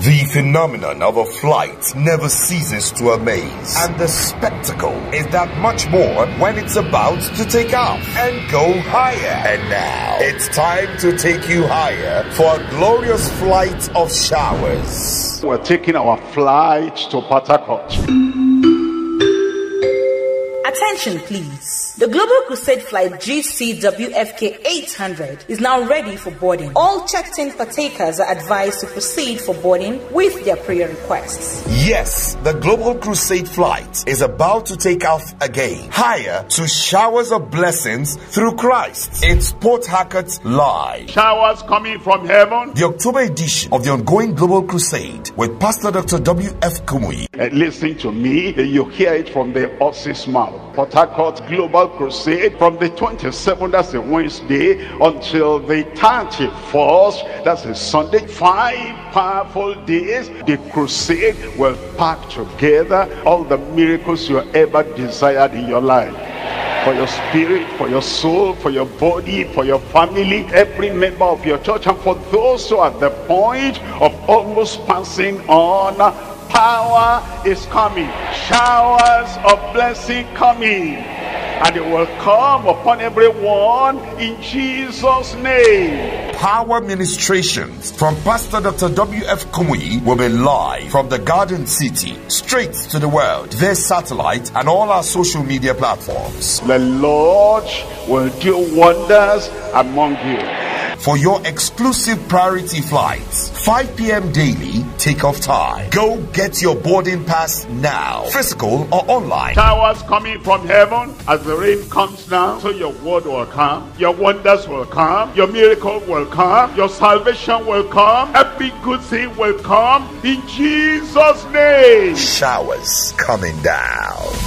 The phenomenon of a flight never ceases to amaze, and the spectacle is that much more when it's about to take off and go higher. And now, it's time to take you higher for a glorious flight of showers. We're taking our flight to Patakot. Attention please. The Global Crusade Flight GCWFK 800 is now ready for boarding. All checked-in partakers are advised to proceed for boarding with their prayer requests. Yes, the Global Crusade Flight is about to take off again, higher to showers of blessings through Christ. It's Port Hackett's Live. Showers coming from heaven. The October edition of the ongoing Global Crusade with Pastor Dr. W.F. Kumui. Uh, listen to me, you hear it from the horse's mouth Port Harcourt Global Crusade from the 27th, that's a Wednesday, until the 31st, that's a Sunday. Five powerful days. The crusade will pack together all the miracles you ever desired in your life for your spirit, for your soul, for your body, for your family, every member of your church, and for those who are at the point of almost passing on, power is coming showers of blessing coming and it will come upon everyone in Jesus' name. Power ministrations from Pastor Dr. W.F. Kumuyi will be live from the Garden City, straight to the world, via satellite and all our social media platforms. The Lord will do wonders among you for your exclusive priority flights. 5 p.m. daily takeoff time. Go get your boarding pass now, physical or online. Towers coming from heaven as the rain comes down, so your word will come, your wonders will come, your miracle will come, your salvation will come, every good thing will come in Jesus' name. Showers coming down.